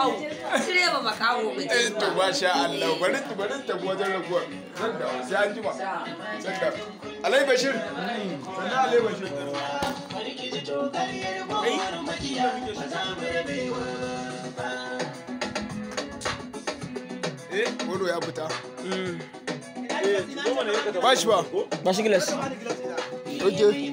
awo cire ba makaho mu eh, to Allah bari bari ta wajen zan da jima zan da Alai Bashir sannan Alai Bashir eh wado ya fita eh, ba shi ba ba shi gilas Okay.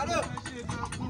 Alo.